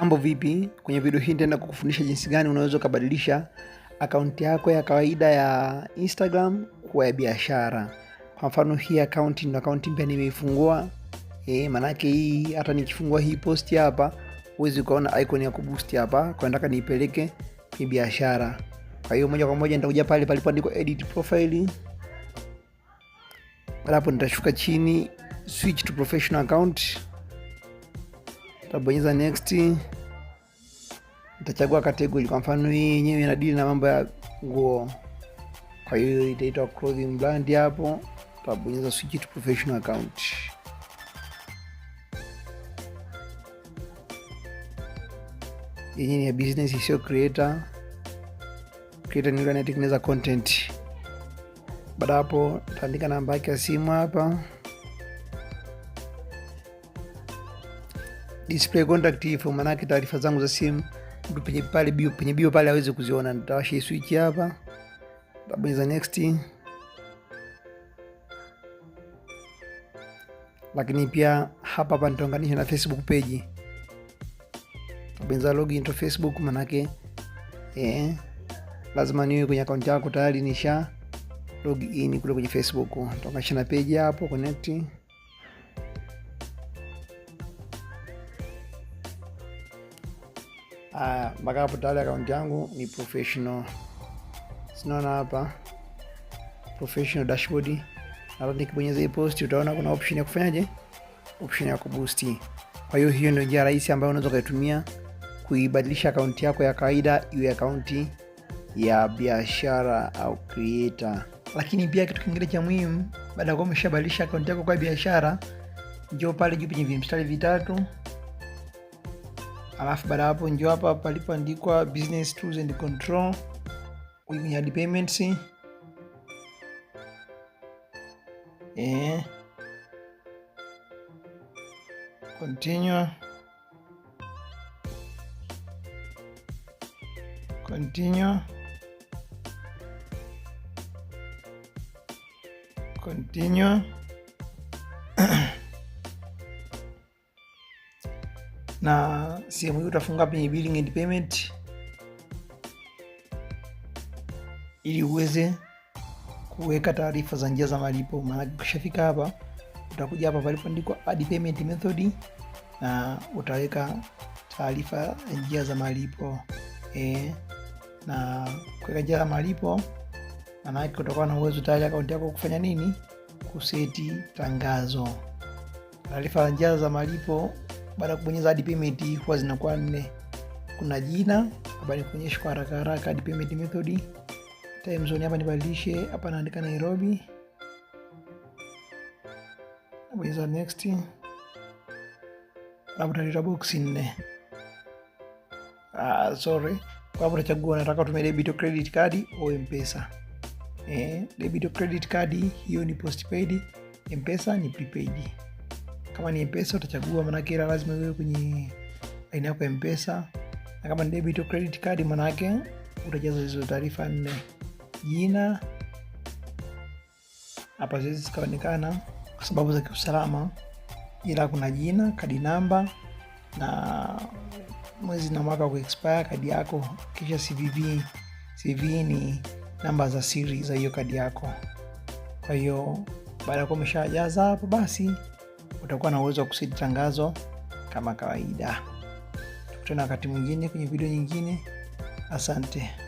Mambo vipi? Kwenye video hii nitaenda kukufundisha jinsi gani unaweza ukabadilisha akaunti yako ya kawaida ya Instagram kuwa ya biashara. Kwa mfano hii akaunti ndio akaunti mpya nimeifungua. Eh, manake hii hata nikifungua hii posti hapa huwezi ukaona icon ya kuboost hapa, kwa nataka niipeleke ni biashara. Kwa hiyo moja kwa moja nitakuja pale palipoandikwa edit profile. Hapo nitashuka chini switch to professional account tabonyeza next, nitachagua category. Kwa mfano hii yenyewe inadili na mambo ya nguo, kwa hiyo itaitwa clothing brand. Hapo nitabonyeza switch to professional account. Yenyewe ni ya business, sio creator. Creator ni yule anayetengeneza content. Baada hapo nitaandika namba yake ya simu hapa. display contact ifo, manake taarifa zangu za simu mtu penye pale bio penye bio pale aweze kuziona. Nitawasha hii switch hapa, tabonyeza next, lakini pia hapa hapa nitaunganisha na Facebook page, tabonyeza login to Facebook, manake eh, lazima niwe kwenye akaunti yako tayari nisha log in kule kwenye Facebook. Nitaunganisha na page hapo, connect Aya, ah, mpaka hapo tayari akaunti yangu ni professional. Sinaona hapa professional dashboard. Nadhani nikibonyeza hii post utaona kuna option ya kufanyaje, option ya kuboost. Kwa hiyo hiyo ndio njia rahisi ambayo unaweza ukaitumia kuibadilisha akaunti yako ya kawaida iwe akaunti ya biashara au creator. Lakini pia kitu kingine cha muhimu, baada ya kuwa umeshabadilisha akaunti yako kwa biashara, njoo pale juu penye vimstari vitatu Alafu baada hapo njoo hapa palipoandikwa business tools and control, kwenye add payments eh, continue continue continue na sehemu hiyo utafunga penye billing and payment ili uweze kuweka taarifa za njia za malipo. Maana ukishafika hapa utakuja hapa palipoandikwa add payment method na utaweka taarifa za njia za malipo e, na kuweka njia za malipo maana utakuwa na uwezo tayari akaunti yako kufanya nini, kuseti tangazo. Taarifa za njia za malipo baada ya kubonyeza add payment huwa zinakuwa nne. Kuna jina hapa, nikuonyesha kwa haraka haraka add payment method. Time zone hapa nibadilishe, hapa naandika Nairobi, bonyeza next, hapo tutaleta box nne. Ah, sorry, kwa hapo utachagua nataka utumie debit au credit card au mpesa. Eh, debit au credit card hiyo ni postpaid, mpesa ni prepaid kama ni mpesa utachagua, manake ila lazima iwe kwenye aina yako ya mpesa, na kama ni debit au credit card, manake utajaza hizo taarifa nne. Jina hapa ziwezi zikaonekana kwa sababu za kiusalama, ila kuna jina, kadi namba na mwezi na mwaka wa kuexpire kadi yako, kisha CVV. CV ni namba za siri za hiyo kadi yako. Kwa hiyo baada ya kuwa umeshajaza hapo basi utakuwa na uwezo wa kusidi tangazo kama kawaida. Tukutane wakati mwingine kwenye video nyingine. Asante.